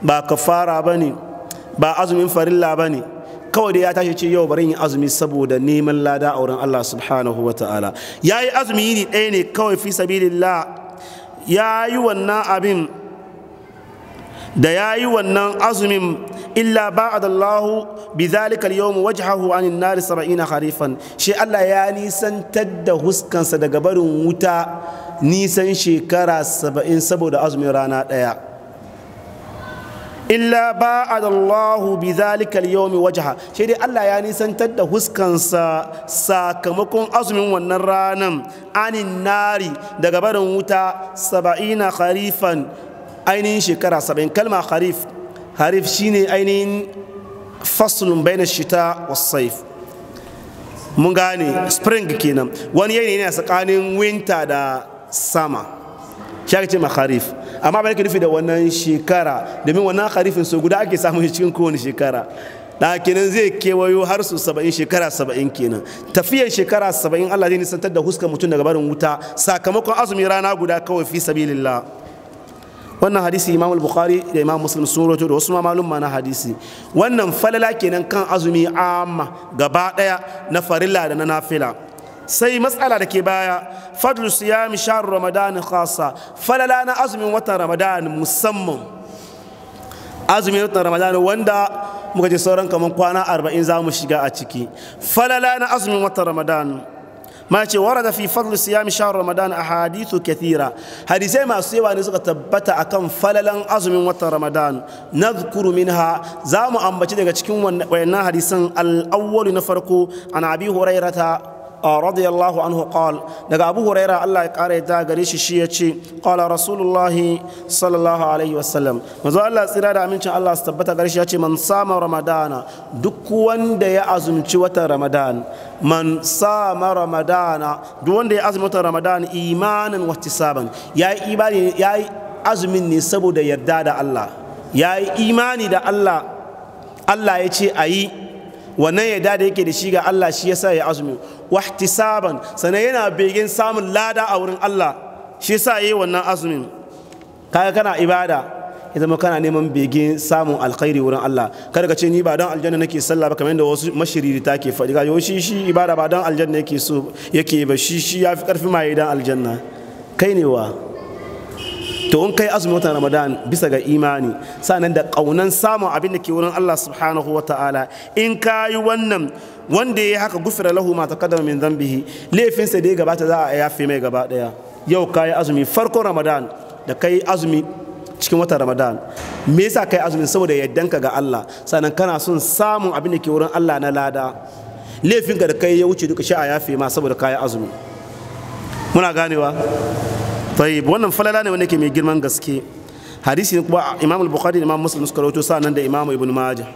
ba kafara bane ba azumin farilla ba ne kawai da ya tashi ce yau bari yin azumi saboda neman lada a wurin Allah subhanahu wa ta'ala ya yi azumi yini ɗaya ne kawai fi sabilillah ya yi wannan abin da ya yi wannan azumin illa ba'ad Allah bi zalika al-yawm wajhahu anin nar 70 kharifan shi Allah ya nisantar da huskansa daga barin wuta nisan shekara 70 saboda azumin rana ɗaya illa ba adallahu bi zalika al wajaha shi dai Allah ya nisantar da huskansa sakamakon azumin wannan ranar anin nari daga barin wuta saba'ina kharifan ainihin shekara saba'in kalma kharif harif shine ainihin faslun baina shita was saif mun gane spring kenan wani yanayi ne tsakanin winter da sama shi ake ce ma kharif amma ba yake nufi da wannan shekara domin wannan harifin so guda ake samun cikin kowane shekara ɗakinan zai kewayo har su saba'in shekara saba'in kenan tafiyar shekara saba'in allah zai nisantar da huskar mutum daga barin wuta sakamakon azumi rana guda kawai fi sabilillah wannan hadisi imam bukhari da imam muslim sun roto da wasu ma malum na hadisi wannan falala kenan kan azumi amma gaba daya na farilla da na nafila sai matsala da ke baya fadlu siyami shahr ramadan khassa falala na azumin watan ramadan musamman azumin watan ramadan wanda muka ji sauran kaman kwana arba'in za mu shiga a ciki falala na azumin watan ramadan ma ce da fi fadlu siyami shahr a ahadithu kathira hadisai masu yawa ne suka tabbata akan falalan azumin watan ramadan nadhkuru minha za mu ambaci daga cikin wayannan hadisan al na farko an abi hurairata radiyallahu anhu qal daga abu huraira Allah ya kare ta gare shi shi yace qala rasulullahi sallallahu alaihi wasallam manzo Allah tsira da amincin Allah su tabbata gare shi yace man sama ramadana duk wanda ya azumci watan ramadan man sama ramadana duk wanda ya azumci watan ramadan imanan wa ihtisaban yayi imani yayi azumin ne saboda yarda da Allah yayi imani da Allah Allah ya ce ayi wannan yarda da yake da shi ga Allah shi yasa ya azumi wahtisaban sana yana begen samun lada a wurin Allah shi yasa yi wannan azumin kaga kana ibada ya zama kana neman begen samun alkhairi wurin Allah kada ka ce ni ba don aljanna nake sallah ba kamar yadda wasu ta ke faɗi ga shi shi ibada ba don aljanna yake so yake ba shi shi yafi karfi ma dan aljanna kai ne wa to in kai azumi watan ramadan bisa ga imani sanan da kaunan samun abin da ke wurin Allah subhanahu wa ta'ala in ka yi wannan wanda ya haka gufira lahu ma taqaddama min dhanbihi laifinsa da ya gabata za a yafe mai gaba daya yau ka yi azumi farkon ramadan da kai azumi cikin watan ramadan me yasa kai azumin saboda yaddanka ga Allah sannan kana son samun abin da ke wurin Allah na lada laifinka da kai ya wuce duka a yafe ma saboda kayi azumi muna ganewa tayyib wannan falala ne wanda yake mai girman gaske hadisi kuma imam al-bukhari da imam muslim suka rawaito sanan da imam ibn majah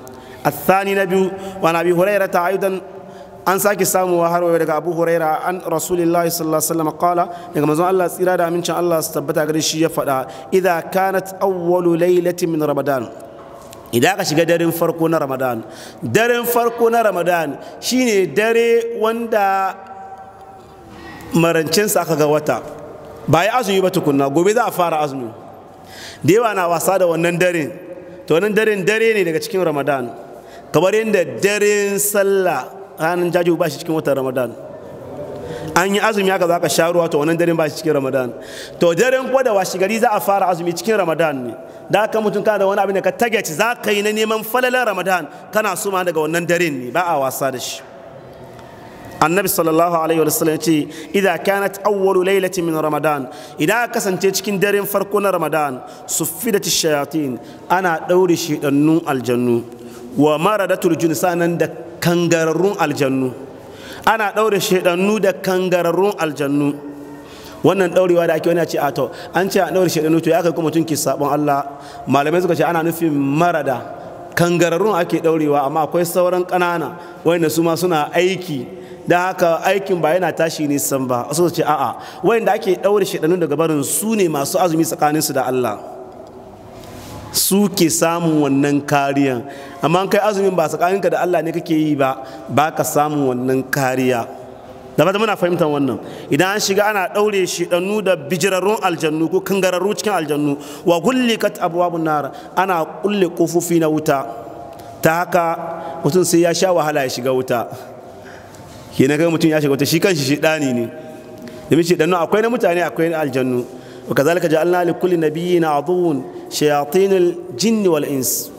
الثاني نبي وعن ابي هريره ايضا an sake samuwa har wayo daga abu huraira an rasulillahi sallallahu alaihi wasallam qala daga manzon Allah tsira da amincin Allah su tabbata gare shi ya faɗa idza kanat awwalu laylati min ramadan idan ka shiga daren farko na ramadan daren farko na ramadan shine dare wanda marancinsa aka ga wata ba ya azumi ba tukunna gobe za a fara azumi da yawa na wasa da wannan dare to wannan dare dare ne daga cikin ramadan kamar yadda daren sallah ranar jaji ba shi cikin watan ramadan an yi azumi aka zaka ka sha ruwa to wannan daren ba shi cikin ramadan to daren kuwa da washi gari za a fara azumi cikin ramadan ne da aka mutum kana da wani abin da ka target za ka yi na neman falalar ramadan kana suma daga wannan daren ne ba a wasa da shi annabi sallallahu alaihi wasallam ya ce idan kanat awwalu lailatin min ramadan idan kasance cikin daren farko na ramadan su suffidat shayatin ana daure shedannun aljannu wa maradatul junsanan da kangararrun aljannu ana daure shedannu da kangararrun aljannu wannan daurewa da ake wani ce a an ce an daure shedannu to ya kai kuma tunki sabon Allah malamai suka ce ana nufin marada kangararrun ake daurewa amma akwai sauran ƙanana wanda su ma suna aiki da haka aikin ba yana tashi san ba su ce a'a wayanda ake ɗaure shaidanun daga barin su ne masu azumi tsakaninsu da Allah su ke samun wannan kariyan amma kai azumin ba tsakaninka da Allah ne kake yi ba ba ka samun wannan kariya da ba muna fahimtar wannan idan an shiga ana ɗaure shaidanu da bijirarrun aljannu ko kangararru cikin aljannu wa gullikat abwabun nar ana kulle kofofi na wuta ta haka mutum sai ya sha wahala ya shiga wuta ke na kai mutum ya shiga wata shi kanshi dani ne domin shedannu akwai na mutane akwai na aljannu wa kazalika ja'alna li kulli nabiyyin aduwwun shayatinul jinni wal ins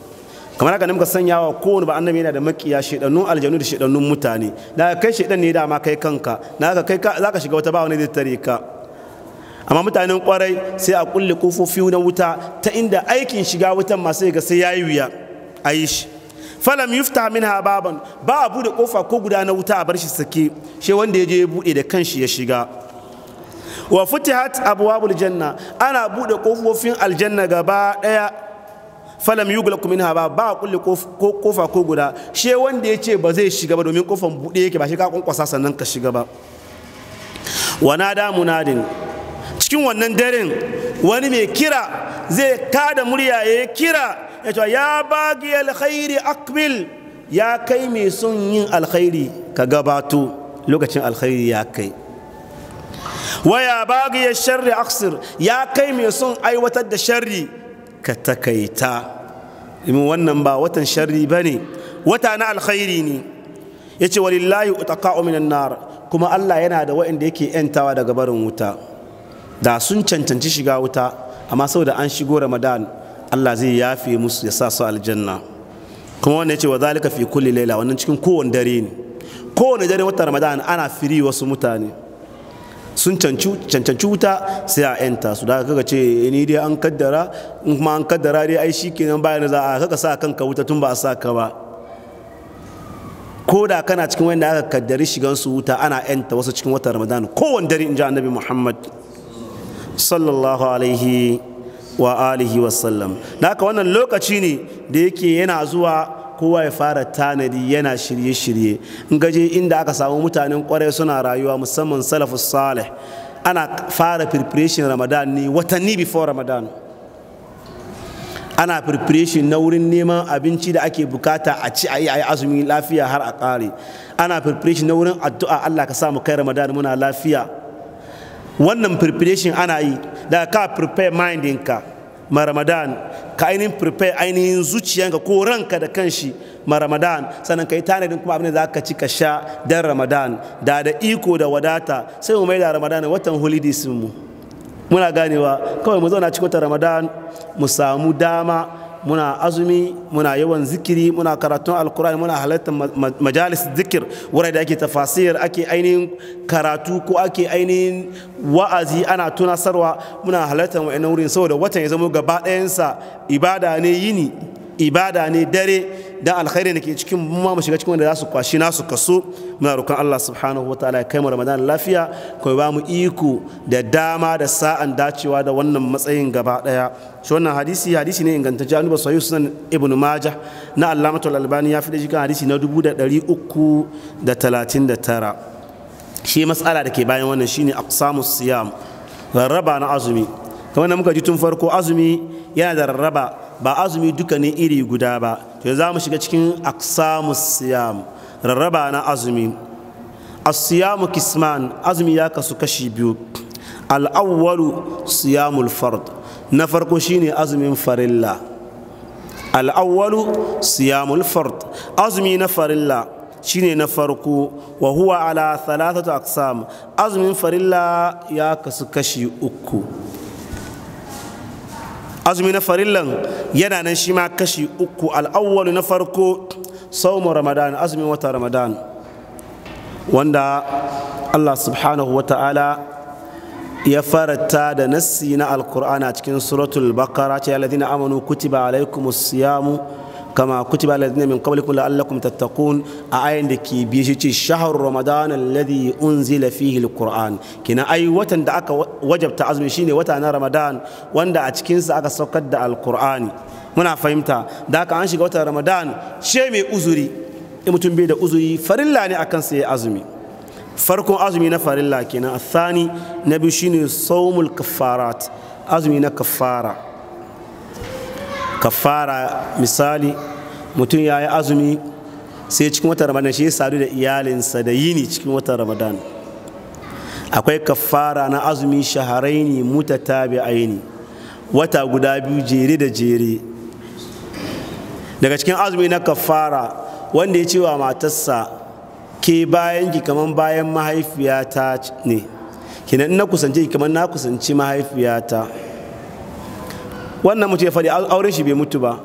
kamar haka ne muka sanya wa kowane ba annabi yana da makiya shedannun aljanu da shedannun mutane da kai shedan ne ma kai kanka na ka kai zaka shiga wata ba wani zai tare ka amma mutanen kwarai sai a kulle kofofi na wuta ta inda aikin shiga wutan masu ga sai yayi wuya a yi shi falam yufta minha baban ba a bude kofa ko guda na wuta a bar shi sake shi wanda ya je ya bude da kanshi ya shiga wa futihat abwabul janna ana bude kofofin aljanna gaba daya falam yuglaqu minha ba ba kulli kofa ko guda shi wanda ya ce ba zai shiga ba domin kofan bude yake ba shi ka kunkwasa sannan ka shiga ba wa nada munadin cikin wannan daren wani mai kira zai kada murya ya kira ya ce ya bagi alkhairi akbil ya kai mai sun yin alkhairi ka gabato lokacin alkhairi ya kai waya bagi ya sharri aksir ya kai mai sun aiwatar da sharri ka takaita imin wannan ba watan sharri ba ne wata na alkhairi ne ya ce walillahi utaqa'u minan nar kuma Allah yana da waɗanda yake yantawa daga barin wuta da sun cancanci shiga wuta amma sau da an shigo ramadan Allah zai yafe musu ya sa su aljanna kuma wannan ya ce wa zalika fi kulli laila wannan cikin kowane dare ne kowane dare wata ramadan ana firi wasu mutane sun cancanci wuta sai a yanta su da kaga ce eh, ni dai an kaddara in kuma an kaddara dai ai shikenan bayan za a kaka sa kanka wuta tun ba a sa ka ba ko da kana cikin wanda aka kaddari shigan su wuta ana yanta wasu cikin wata ramadan kowane dare in ji annabi muhammad sallallahu alaihi wa alihi wasallam haka wannan lokaci ne da yake yana zuwa kowa ya fara tanadi yana shirye-shirye in gaje inda aka samu mutanen kwarai suna rayuwa musamman salafu salih ana fara preparation ramadan ne watanni before ramadan ana preparation na wurin neman abinci da ake bukata a ci ayi ayi azumi lafiya har a kare ana preparation na wurin addu'a Allah ka sa mu kai ramadan muna lafiya wannan preparation ana yi da ka prepare mind ma ramadan ka ainihin prepare ainihin zuciyanka ko ranka da kanshi ma ramadan sannan ka yi tanadin kuma abin da za ka ci ka sha dan ramadan da da iko da wadata sai mu mai da ramadan watan holidays mu muna ganewa kawai mu zauna cikin watan ramadan mu samu dama muna azumi muna yawan zikiri muna karatun alkur'ani muna halartar majalis zikir wurai da ake tafasir ake ainihin karatu ko ake ainihin wa'azi ana tunasarwa muna halartar wa'annan wurin saboda watan ya zama gaba ɗayansa ibada ne yini ibada ne dare da alkhairi da ke cikin ma mu shiga cikin wanda za su kwashi nasu kaso muna roƙon Allah subhanahu wa ta'ala ya kai mu Ramadan lafiya kuma ba mu iko da dama da sa'an dacewa da wannan matsayin gaba daya shi wannan hadisi hadisi ne inganta januba sahih sunan ibnu majah na allamatul albani ya fi da jikan hadisi na 339 shi matsala da ke bayan wannan shine aqsamus siyam rarraba na azumi kamar da muka ji tun farko azumi yana da rarraba ba azumi duka ne iri guda ba to za mu shiga cikin aksamu siyam rarraba na azumi asiyamu kisman azumi ya kasu kashi biyu al'awwalu siyamul fard na farko shine azumin farilla al'awwalu siyamul fard azumi na farilla shine na farko wa huwa ala thalathatu aqsam azumin farilla ya kasu kashi uku azumi na farillan yana nan shi ma kashi uku al'awwalu na farko saumu ramadan azumin wata ramadan wanda allah subhanahu wa ta'ala ya farata da nassi na alkur'ana cikin suratul bakara ce alladhina amanu kutiba alaikumus siyamu kama kutiba alladhina min qablikum la'allakum tattaqun a ayin da ke biye shi ce shahar ramadan alladhi unzila fihi alquran kina ai watan da aka wajabta azumi shine wata na ramadan wanda a cikinsa aka saukar da alqurani muna fahimta da aka an shiga watan ramadan she mai uzuri in mutum bai da uzuri farilla ne akan sa ya azumi farkon azumi na farilla kenan athani na biyu shine sawmul kaffarat azumi na kaffara kafara misali mutum ya yi azumi sai cikin watan ramadan shi ya sadu da iyalinsa da yini cikin watan ramadan akwai kafara na azumi shaharaini mutatabi'aini wata guda biyu jere da jere daga cikin azumi na kafara wanda ya ce wa matarsa ke bayan ki kamar bayan mahaifiyata ne kenan na kusance kamar na kusanci mahaifiyata wannan mutum ya faɗi auren shi bai mutu ba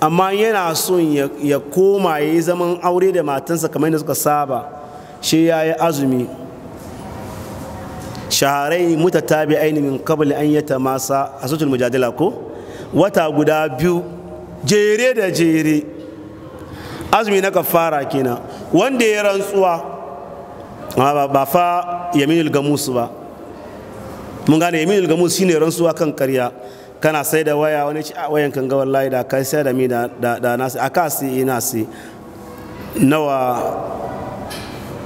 amma yana son ya koma ya yi zaman aure da matansa kamar yadda suka saba shi ya yi azumi shaharai tabi ainihin kabali an yata masa a sutul mujadila ko wata guda biyu jere da jere azumi na kafara kenan wanda ya rantsuwa ba fa yaminul gamusu ba mun gane yaminul gamusu shine rantsuwa kan karya kana sai da waya wani ci a ah, wayan kan ga wallahi da kai sai da mi da da a aka si ina si nawa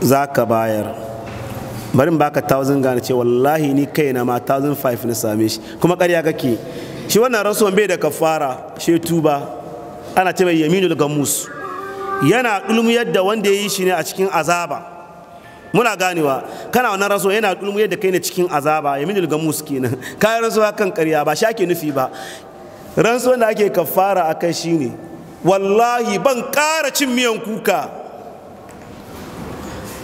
za ka bayar bari in baka 1000 gane ce wallahi ni kai na ma 1005 na same shi kuma ƙarya kake shi wannan rasuwan bai da kafara she tuba ana ce mai yaminul gamus yana dulmuyar yadda wanda ya yi shi ne a cikin azaba muna ganewa kana wannan raso yana dulmu da kai ne cikin azaba ya minil muski kenan (laughs) kayan rasuwa kan karya ba shi ake nufi ba rantsuwan da ake kafara a kai shine wallahi ban ƙara cin miyan kuka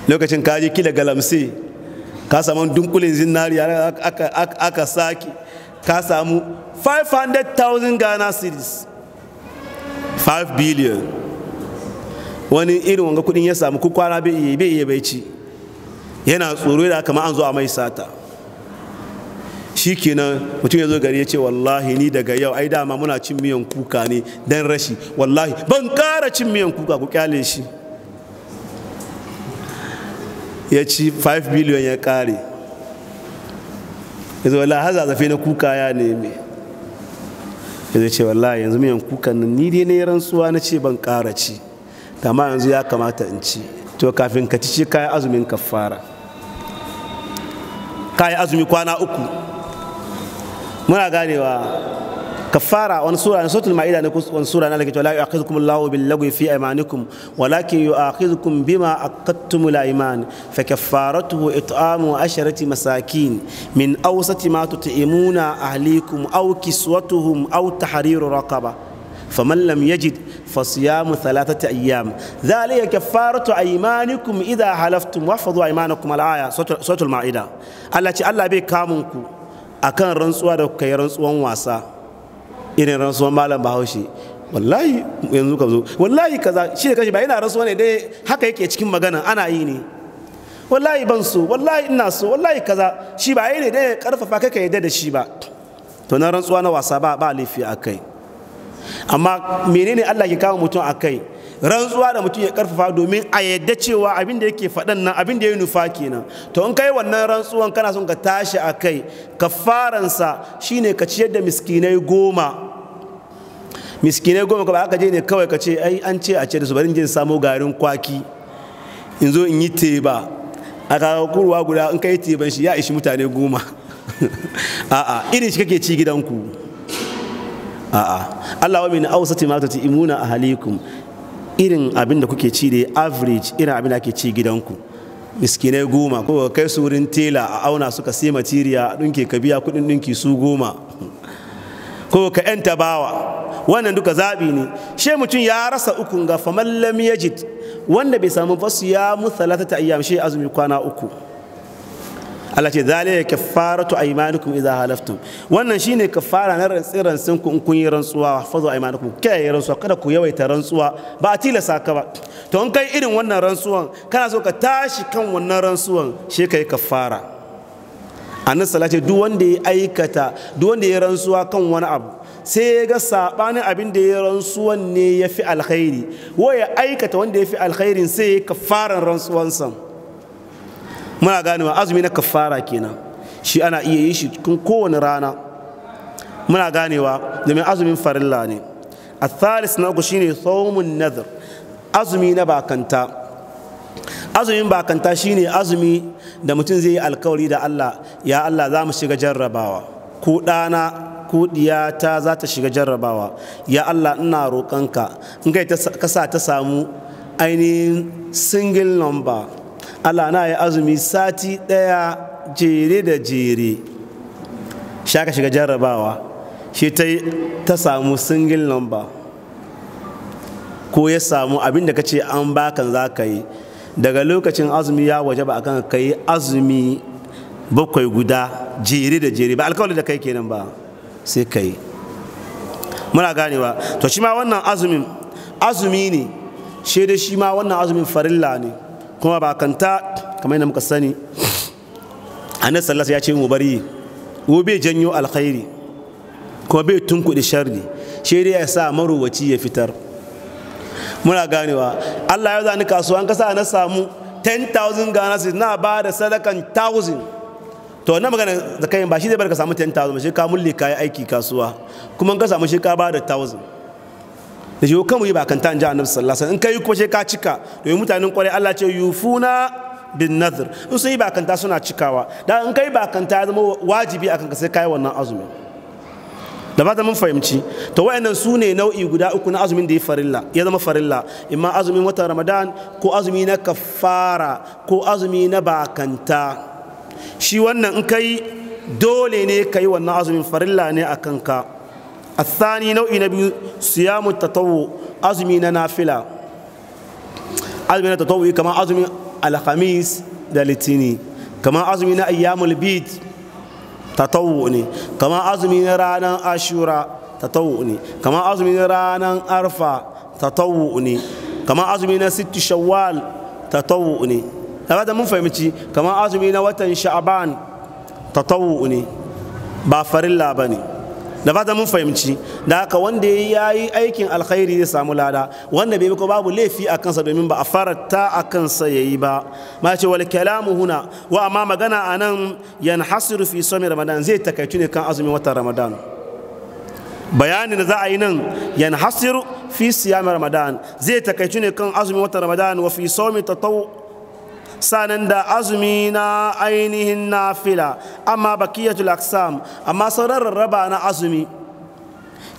lokacin kaji kila galamse ka samu dunkulin zinari aka sake ka samu 500,000 ghana cities 5 billion wani irin wanga kudin ya samu ku kwana bai iya bai ci yana tsoro da kama an zo a mai sata shi kenan mutum ya zo gari ya ce wallahi ni daga yau ai dama muna cin miyan kuka ne dan rashi wallahi ban kara cin miyan kuka ku kyale shi ya ci 5 biliyon ya kare ya zo wallahi haza zafe na kuka ya neme ya zo ce wallahi yanzu miyan kuka ni dai na yi rantsuwa na ce ban kara ci amma yanzu ya kamata in ci to kafin ka ci shi kayi azumin kafara kayi azumi kwana uku muna ganewa kafara wani sura ne suratul ma'ida ne wani sura ne lake cewa la yu'akhidhukum Allahu bil lagwi fi aymanikum walakin yu'akhidhukum bima aqadtum al ayman fa kaffaratuhu it'amu asharati masakin min awsati ma tut'imuna ahlikum aw kiswatuhum aw tahriru raqaba faman lam yajid fasiyamu thalathati ayyam dhalika kaffaratu aymanikum idha halaftum wahfazu aymanakum al-aya suratul maida Allah ce Allah bai kamun ku akan rantsuwa da kai rantsuwan wasa irin rantsuwan malam Bahaushe yanzu ka zo wallahi kaza shi da kashi ba yana rantsuwa ne dai haka yake cikin magana ana yi ne wallahi ban so wallahi ina so wallahi kaza shi ba yi ne dai karfafa kai ka yadda da shi ba to na rantsuwa na wasa ba ba laifi a kai amma menene Allah ke kama mutum a kai rantsuwa da mutum ya karfafa domin a yadda cewa abin da yake faɗan nan abin da ya nufa kenan to in kai wannan rantsuwan kana son ka tashi a kai kafaransa shine ka ciyar da miskinai goma miskinai goma ka ba aka je ne kawai ka ce ai an ce a ce da su barin jin samo garin kwaki in zo in yi teba a kurwa guda in kai teban shi ya ishi mutane goma (laughs) a'a irin shi kake ci gidanku a'a Allah wa min awsati ma imuna ahlikum irin abin da kuke ci da average irin abin da ake ci gidanku miskinai goma ko kai su wurin tela a auna suka sai matiriya dinke ka biya kudin dinki su goma ko ka yan tabawa wannan duka zabi ne she mutum ya rasa ukun ga famallam yajid wanda bai samu basu ya musalata ayyam she azumi kwana uku Allah ce ya kafara tu aimanukum idza halaftum wannan shine kafara na rantsin rantsin ku in kun yi rantsuwa fazu aimanukum kai yi rantsuwa kada ku yawaita rantsuwa ba a tilasa ka ba to in kai irin wannan rantsuwan kana so ka tashi kan wannan rantsuwan shi kai kafara annabi salati duk wanda ya aikata duk wanda ya rantsuwa kan wani abu sai ya ga sabanin abin da ya rantsuwan ne ya fi alkhairi wa ya aikata wanda ya fi alkhairin sai ya rantsuwan rantsuwansa muna ganewa azumi na kafara kenan shi ana iya yin shi cikin kowane rana muna ganewa domin azumin farilla ne a thalis na uku shine saumun nazar azumi na bakanta azumin bakanta shine azumi da mutum zai yi alkawari da Allah ya Allah za mu shiga jarrabawa ko ɗana ko ɗiyata za ta shiga jarrabawa ya Allah ina roƙonka in kai ka sa ta samu ainihin single number Allah na yi azumi sati ɗaya jere da jere shaka shiga jarrabawa shi ta ta samu single number ko ya samu abin ka ce an bakan za ka yi daga lokacin azumi ya waje ba kan ka yi azumi bakwai guda jere da jere ba alkawali da kai kenan ba sai ka yi muna ganewa to shi ma wannan azumin azumi ne shi da shi ma wannan azumin farilla ne kuma ba kanta kamar yadda muka sani annabi sallallahu ya ce mu bari wo bai janyo alkhairi kuma bai tunkuɗe sharri shi dai ya sa maruwaci ya fitar muna ganewa Allah ya zani kasuwa an kasa na samu 10,000 Ghana cedis na ba da sadakan 1,000 to na magana da kayan ba shi zai bar ka samu 10,000 shi ka mulle kayan aiki kasuwa kuma an ka samu shi ka ba da 1,000 da shi kan yi ba kan ta annabi sallallahu alaihi wasallam in kai kuma sai ka cika domin mutanen kwarai Allah ce yufuna bin nazar. in sun yi bakan ta suna cikawa da in kai bakan ta ya zama wajibi akan ka sai kai wannan azumi da ba ta mun fahimci to wayannan su ne nau'i guda uku na azumin da ya farilla ya zama farilla imma azumin watan ramadan ko azumi na kafara ko azumi na bakanta shi wannan in kai dole ne ka yi wannan azumin farilla ne a kanka الثاني نوع نبي صيام التطوع أزمي نافلة أزمي التطوع كما أزمي الخميس دالتيني كما أزمي أيام البيت تطوعني كما أزمي رانا أشورا تطوعني كما أزمي رانا أرفا تطوعني كما أزمي ست شوال تطوعني هذا مو فهمتي كما أزمي وتن شعبان تطوعني بافر الله بني da fata mun fahimci da haka wanda ya yi aikin alkhairi zai samu lada wanda bai ko babu laifi a kansa domin ba a farata a kansa ya yi ba ma ce wal kalamu huna wa amma magana a nan yan hasiru fi somi ramadan zai takaitu ne kan azumin watan ramadan bayanin da za a yi nan yan hasiru fi siyami ramadan zai takaitu ne kan azumin watan ramadan wa fi somi sanan da azumi na ainihin nafila amma bakiyatul aksam amma sauran rarraba na azumi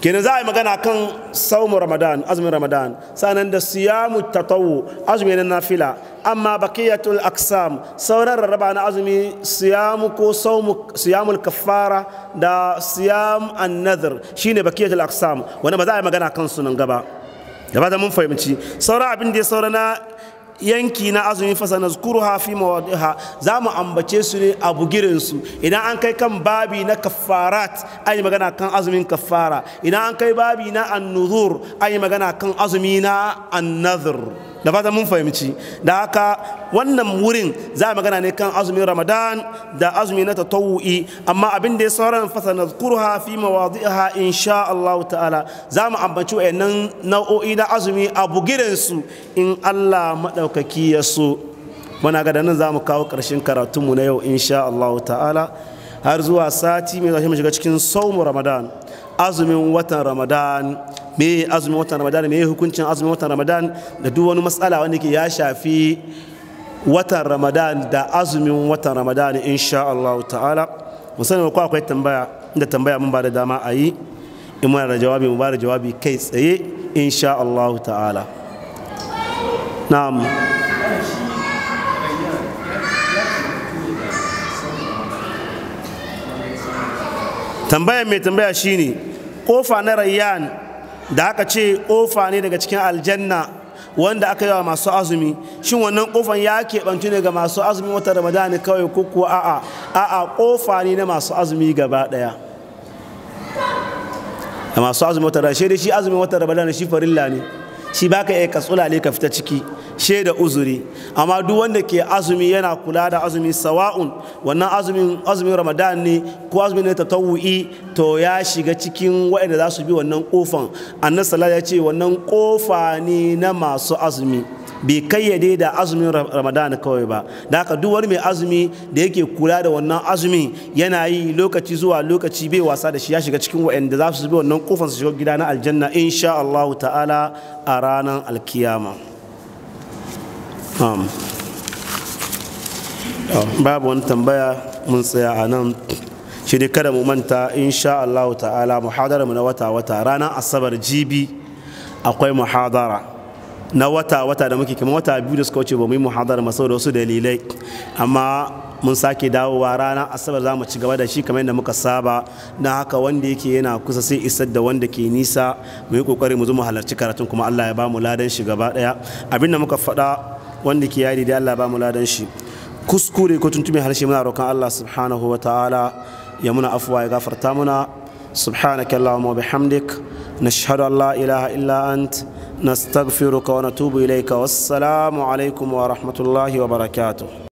kenan za a yi magana kan saumu ramadan azumin ramadan sanan da siyamu tatawu azumi na nafila amma bakiyatul aksam sauran rarraba na azumi siyamu ko saumu siyamul kafara da siyam shi shine bakiyatul aksam Wani ba za a yi magana kan sunan gaba da ba mun fahimci sauran abin da ya saura na yanki na azumi fasa na zukuruha fi mawadiha za mu ambace su ne a bugirinsu idan an kai kan babi na kafarat an yi magana kan azumin kafara idan an kai babi na annuzur an yi magana kan azumi na annazur da fata mun fahimci da haka wannan wurin za a magana ne kan azumin ramadan da azumi na tatawu'i amma abin da ya sauran fasa na kurha fi mawadi'aha insha Allah ta'ala za mu ambaci wayannan nau'o'i na azumi a su in Allah maɗaukaki ya so muna ga nan za mu kawo ƙarshen karatunmu na yau insha Allah ta'ala har zuwa sati mai zafi mu shiga cikin saumu ramadan azumin watan ramadan me azumin watan ramadan me hukuncin azumin watan ramadan da duk wani matsala wanda ke ya shafi watan ramadan da azumin watan ramadan insha Allah ta'ala musamman ko akwai tambaya inda tambaya mun ba da dama a yi in muna da jawabi mu ba da jawabi kai tsaye insha Allah ta'ala na'am tambayar mai tambaya shine kofa na rayyan da aka ce ƙofa ne daga cikin aljanna wanda aka yi wa masu azumi shin wannan ƙofan ya keɓantu ne ga masu azumi wata ramadani kawai ko a'a a'a ƙofa ne na masu azumi gaba ɗaya masu azumi wata ramadani shi dai shi azumi wata ramadani shi farilla ne shi baka iya katsulale ka fita ciki da uzuri amma duk wanda ke azumi yana kula da azumi sawa'un wannan azumin azumin ramadan ne ko azumin ne tatawu'i to ya shiga cikin wa'anda za su bi wannan kofan annabi sala ya ce wannan kofa ne na masu azumi bai kayyade da azumin ramadan kawai ba da haka duk wani mai azumi da yake kula da wannan azumi yana yi lokaci zuwa lokaci bai wasa da shi ya shiga cikin wa'anda za su bi wannan kofan su shiga gida na aljanna insha Allah ta'ala a ranar alkiyama babu wani tambaya mun tsaya a nan shi ne kada mu manta insha Allah ta'ala muhadara mu na wata-wata ranar asabar jibi akwai muhadara na wata-wata da muke kama wata biyu da suka wuce ba mu yi muhadara masu da wasu dalilai amma mun sake dawowa rana asabar za mu ci gaba da shi kamar yadda muka saba na haka wanda yake yana kusa sai isar da wanda ke nisa mu yi kokari mu zo mu halarci karatun kuma Allah ya ba mu ladan shi gaba daya abinda muka faɗa wanda ke yari da Allah ba mu ladan shi kuskure ko tuntume harshe muna roƙon Allah subhanahu wa ta'ala ya muna afuwa ya gafarta muna subhanaka allahumma wa bihamdik nashhadu an la ilaha illa ant nastaghfiruka wa natubu ilayka wassalamu alaikum wa rahmatullahi wa barakatuh